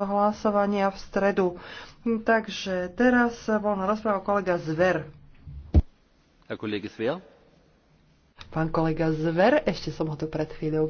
hlasovania v stredu. Takže teraz voľná rozpráva kolega Zver. A kolega Zver? Pán kolega Zver, ešte som ho tu pred chvíľou